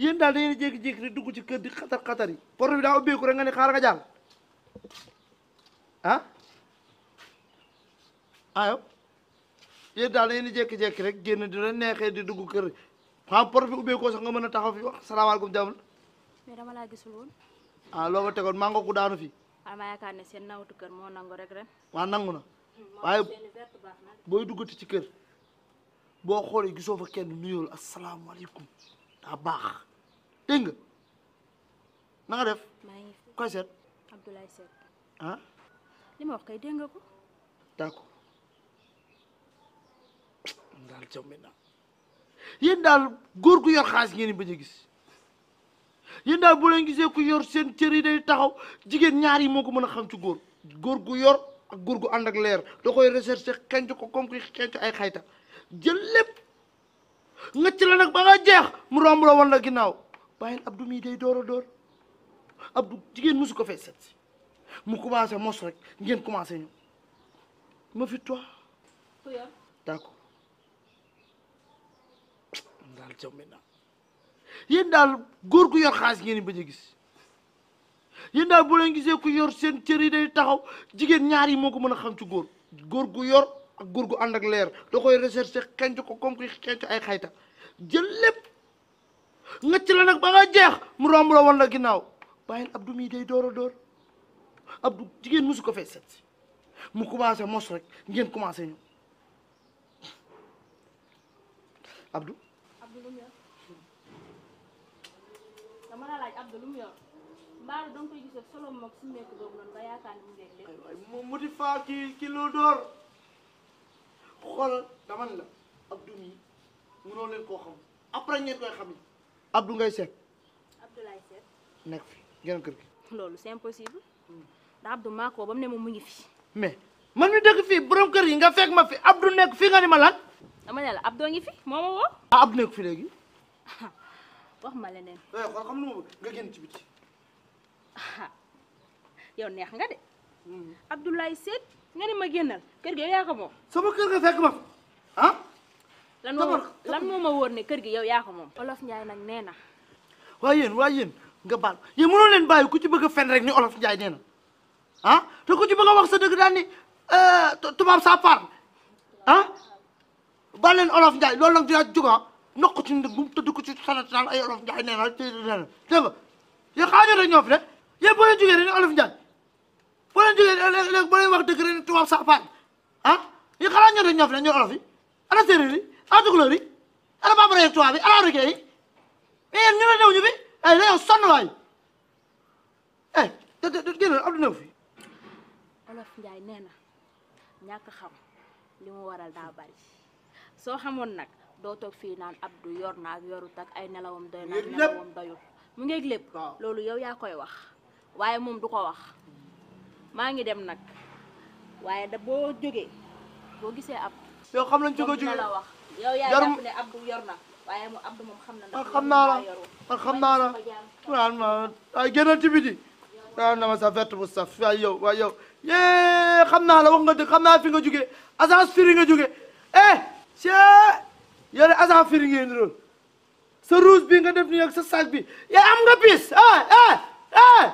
yeen dal da ngeen jek jek jékki di dugg ci keur di khatar xatar yi porte bi daa ubbeeku rek nga ne xaaral nga jang ah ayo ah, yeen dal da ngeen jek jek rek genn di la nexe di dugg keur xam porte bi ko sax nga meuna taxaw fi wax salaamaaleykum alaykum la mais dama la gisul won ah lo ma tegon maa nga ko daanu fi waaw ah, ma yaakaar ne sen nawtu keur mo nangu rek ren wa nangu na hmm, waaye booy duggati ci keur bo xol gisoo fa kenn nuyoo assalamu alaykum daa bax dégg nga na nga def. maa ngi fi koy seet. Ah? daal caw mi daal góor gu yor xaalis ngeen bañ a gis yéen daal bu leen gisee ku yor seen cër yi day taxaw jigéen ñaari moo ko mën a xam ci góor góor gu yor ak góor gu ànd ak leer da koy recherche xenc ko comme ki xenc ay xayta jël lépp nga ci la nag ba nga jeex mu romb la woon la ginnaaw. bàyyil Abdou mii day door a door Abdou jigéen mosu ko fay si mu commencé mos rek ngeen commencé ñu ma fi toi d'accord daal jaw maintenant daal góor gu yor xaalis ngeen bañ a gis yéen daal bu leen gisee ku yor seen cër yi day taxaw jigéen ñaar moo ko mën a xam ci góor góor gu yor ak góor gu ànd ak leer doo koy recherche xenc ko comme kuy xenc ay xayta jël lépp ngecelanak bangaja muram-murawan lagi nau bayan abdu mi day doro dor abdu jigéen musu ko fee set mu commencé mos rek ngeen commencé ñu abdu abdu lum yor dama la laaj abdu lum yor mbaaru danga koy gisee solo moog si nekk boobu noonu ba yaakaar mu ay ki ki dama la abdu mi mënoo leen koo xam après ngeen koy xam Abdou ngay seet. Abdou lay nekk fi genn kër gi. loolu c'est impossible. ndax Abdou maa mu ngi fi. mais man mi dëkk fii borom kër yi nga fekk ma fi Abdou nekk fi nga ni ma lan. dama fi moo ma woo. ah Abdou nekk fi léegi. wax ma leneen. Eh, xool nga ci biti. neex nga de. Hmm. Abdoulaye Seet nga ni ma génnal kër gi yow yaa ko moom. sama kër nga fekk ma ah. lan mo lan moo ma wóor ne gi yow ya ko mom olof Ndiaye nak neena wayen wayen yéen waa yéen nga baal yéen mënoo leen bàyyi ku ci bëgg fen rek ni olof Ndiaye neena na ah te ku ci bëgg wax sa deug dal ni eh, tubaab sa far ah bal len olof Ndiaye loolu nak dina jógaa ah. noq ci ndëg bu mu ku ci sanat naan ay olof Ndiaye neena te nee na ye nga yéen xaajoo rek ye bo len yéen rek ni olof Ndiaye bo len jógee rek bo len wax deug rek ni tubaab saa par ah yéen xanaa ñoo rek ñoo fi de ñoo olof yi ana séeréer ana tukulóor yi ana bambara du nee na ñàkk xam waral daa xamoon nag doo toog fii naan Abdou yor naa yorut ak ay nelawam doy naa nelawam doyut mu ngeeg lépp loolu yow yaa koy wax waaye moom du ko wax maa ngi dem nag waaye da boo jógee boo gisee ab yow xam lañ jógee jógee yow yaa jàpp ne Abdou yor na waaye mu Abdou moom xam na ah, xam naa la man ah, xam naa la naan yow waay yow yee xam naa la wax nga dëgg xam naa fi nga jógee agence firi nga jógee eh c'est yore agence firi sa rouge bi nga def nii ak sa sac bi yaa am nga piis eh eh eh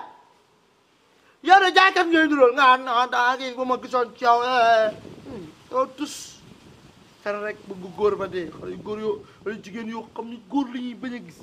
yore jaaykat ngeen di doon nga ah non daa ngi ba ma gisoon ci yow eh, eh. Hmm, yow tus xel rek bëgg góor ba dee xale yu góor yoo xale yu jigéen yoo xam ni góor li ñuy bañ a gis